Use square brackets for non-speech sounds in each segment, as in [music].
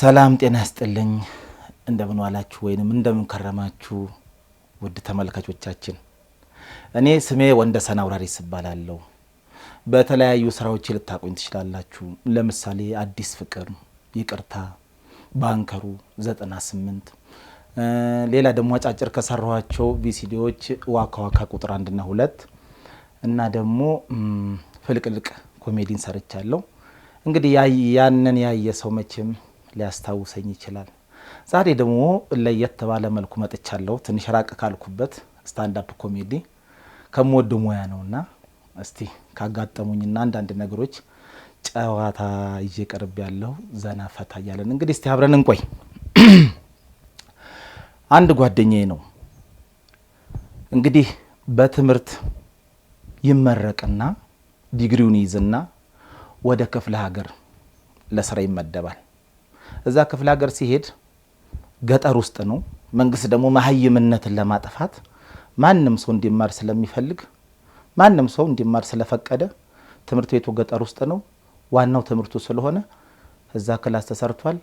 ሰላም ጤና ያስጥልኝ። እንደምን ዋላችሁ ወይንም እንደምን ከረማችሁ ውድ ተመልካቾቻችን። እኔ ስሜ ወንደሰን አውራሪስ እባላለሁ። በተለያዩ ስራዎች ልታቆኝ ትችላላችሁ። ለምሳሌ አዲስ ፍቅር፣ ይቅርታ፣ ባንከሩ 98 ሌላ ደግሞ አጫጭር ከሰራኋቸው ቪሲዲዎች ዋካ ዋካ ቁጥር አንድና ሁለት እና ደግሞ ፍልቅልቅ ኮሜዲን ሰርቻለሁ። እንግዲህ ያንን ያየ ሰው መቼም ሊያስታውሰኝ ይችላል። ዛሬ ደግሞ ለየት ባለ መልኩ መጥቻለሁ። ትንሽ ራቅ ካልኩበት ስታንዳፕ ኮሜዲ ከምወድ ሙያ ነውና እስቲ ካጋጠሙኝና አንዳንድ ነገሮች ጨዋታ ይዤ ቀርብ ያለው ዘና ፈታ እያለን እንግዲህ እስቲ አብረን እንቆይ። አንድ ጓደኛዬ ነው እንግዲህ በትምህርት ይመረቅና ዲግሪውን ይዝና ወደ ክፍለ ሀገር ለስራ ይመደባል። እዛ ክፍለ ሀገር ሲሄድ ገጠር ውስጥ ነው። መንግስት ደግሞ መሀይምነትን ለማጥፋት ማንም ሰው እንዲማር ስለሚፈልግ ማንም ሰው እንዲማር ስለፈቀደ ትምህርት ቤቱ ገጠር ውስጥ ነው። ዋናው ትምህርቱ ስለሆነ እዛ ክላስ ተሰርቷል።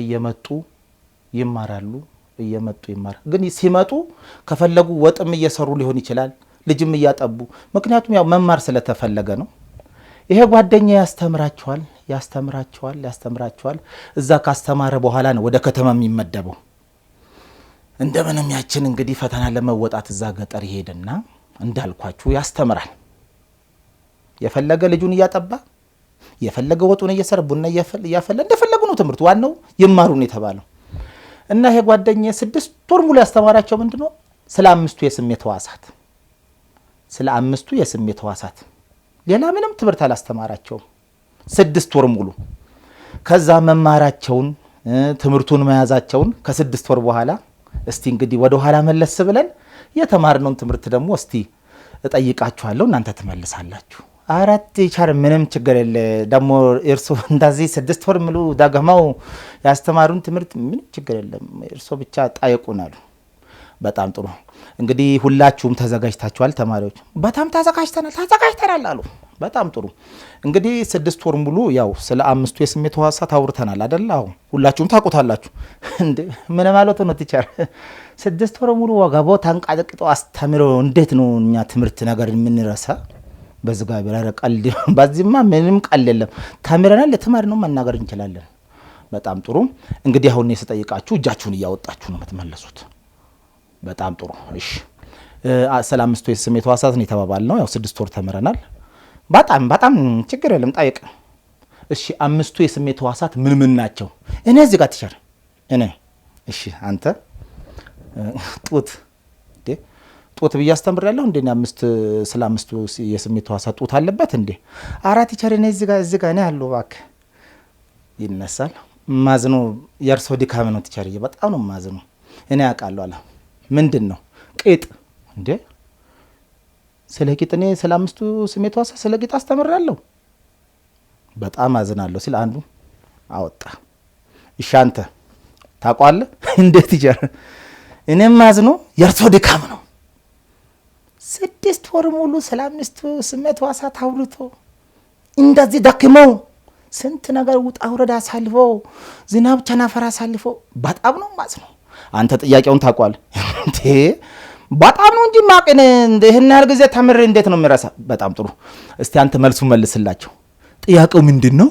እየመጡ ይማራሉ። እየመጡ ይማር ግን ሲመጡ ከፈለጉ ወጥም እየሰሩ ሊሆን ይችላል፣ ልጅም እያጠቡ ምክንያቱም ያው መማር ስለተፈለገ ነው። ይሄ ጓደኛ ያስተምራቸዋል ያስተምራቸዋል ያስተምራቸዋል። እዛ ካስተማረ በኋላ ነው ወደ ከተማ የሚመደበው። እንደምንም ያችን እንግዲህ ፈተና ለመወጣት እዛ ገጠር ይሄድና እንዳልኳችሁ ያስተምራል። የፈለገ ልጁን እያጠባ የፈለገ ወጡን እየሰር ቡና እያፈለ እንደፈለጉ ነው ትምህርት። ዋናው ይማሩን የተባለው እና ይሄ ጓደኛ ስድስት ወር ሙሉ ያስተማራቸው ምንድነው? ስለ አምስቱ የስሜት ህዋሳት ስለ አምስቱ የስሜት ህዋሳት ሌላ ምንም ትምህርት አላስተማራቸውም ስድስት ወር ሙሉ። ከዛ መማራቸውን ትምህርቱን መያዛቸውን ከስድስት ወር በኋላ እስቲ እንግዲህ ወደ ኋላ መለስ ብለን የተማርነውን ትምህርት ደግሞ እስቲ እጠይቃችኋለሁ እናንተ ትመልሳላችሁ። አራት ቻር ምንም ችግር የለ ደግሞ እርሶ እንደዚህ ስድስት ወር ሙሉ ዳገማው ያስተማሩን ትምህርት ምንም ችግር የለም እርሶ ብቻ ጠይቁን አሉ። በጣም ጥሩ እንግዲህ ሁላችሁም ተዘጋጅታችኋል ተማሪዎች? በጣም ተዘጋጅተናል ተዘጋጅተናል አሉ። በጣም ጥሩ እንግዲህ ስድስት ወር ሙሉ ያው ስለ አምስቱ የስሜት ሕዋሳት ታውርተናል አደለ? አሁን ሁላችሁም ታውቁታላችሁ። ምን ማለት ነው ቲቸር? ስድስት ወር ሙሉ ወገቦ ተንቃጥቅጦ አስተምሮ እንዴት ነው እኛ ትምህርት ነገር የምንረሳ? በዝጋ ቢራረ ቀልድ፣ በዚህማ ምንም ቀልድ የለም። ተምረናል፣ ለተማሪ ነው መናገር እንችላለን። በጣም ጥሩ እንግዲህ አሁን የተጠይቃችሁ ስጠይቃችሁ እጃችሁን እያወጣችሁ ነው የምትመለሱት። በጣም ጥሩ። እሺ ስለ አምስት ወይስ ስሜት ህዋሳት ነው የተባባል ነው። ያው ስድስት ወር ተምረናል። በጣም በጣም ችግር የለም ጠይቅ። እሺ አምስቱ የስሜት ህዋሳት ምን ምን ናቸው? እኔ እዚህ ጋር ትሻል እኔ እሺ አንተ ጡት ጡት ብዬ አስተምር ያለሁ እንዴ? አምስት ስለ አምስቱ የስሜት ህዋሳት ጡት አለበት እንዴ? አራ ቲቸር እኔ እዚህ ጋር እኔ አለሁ። እባክህ ይነሳል። ማዝኖ የእርሶ ድካም ነው ቲቸርዬ፣ በጣም ነው ማዝኖ። እኔ አውቃለሁ አለ ምንድን ነው ቅጥ እንዴ? ስለ ቂጥ እኔ ስለ አምስቱ ስሜት ዋሳ ስለ ቂጥ አስተምራለሁ። በጣም አዝናለሁ ሲል አንዱ አወጣ። እሺ አንተ ታውቀዋለህ? [laughs] እንዴት ይጀር እኔም አዝኖ የእርሶ ድካም ነው። ስድስት ወር ሙሉ ስለ አምስቱ ስሜት ሕዋሳት አውርቶ እንደዚህ ደክመው ስንት ነገር ውጣ ውረድ አሳልፎ ዝናብ ቸናፈር አሳልፎ በጣም ነው ማዝነው። አንተ ጥያቄውን ታውቋል። በጣም ነው እንጂ ማቅን እንደህን ያህል ጊዜ ተምሬ እንዴት ነው የሚረሳ? በጣም ጥሩ። እስቲ አንተ መልሱ መልስላቸው። ጥያቄው ምንድን ነው?